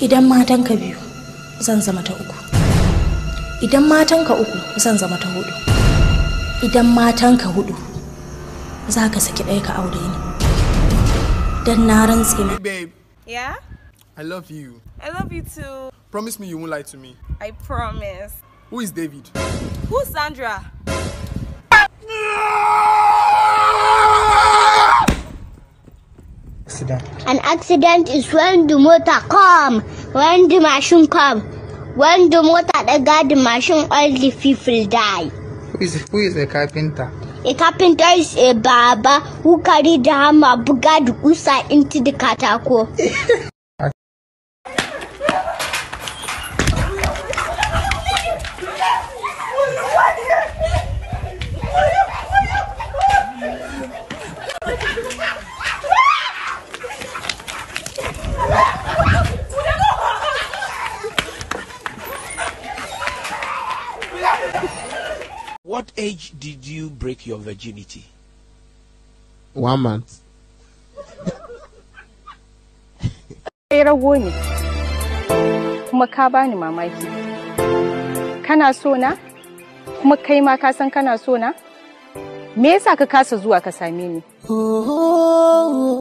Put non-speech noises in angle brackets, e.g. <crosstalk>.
idan matanka biyu zan zama ta uku idan matanka uku zan zama ta hudu idan matanka hudu za ka saki ɗaya ka aure ni don na rantsi na babe yeah i love you i love you too promise me you won't lie to me i promise who is david who's sandra accident? An accident is when the motor come, when the machine come, when the motor the guard the machine, all the people die. Who is who is a carpenter? A carpenter is a barber who carry the hammer, buga the usa into the catacomb. <laughs> <laughs> what age did you break your virginity? One month. kuma ka bani mamaki. Kana so Kuma kai ma ka san kana so na? Me yasa ka kasa zuwa ka same ni?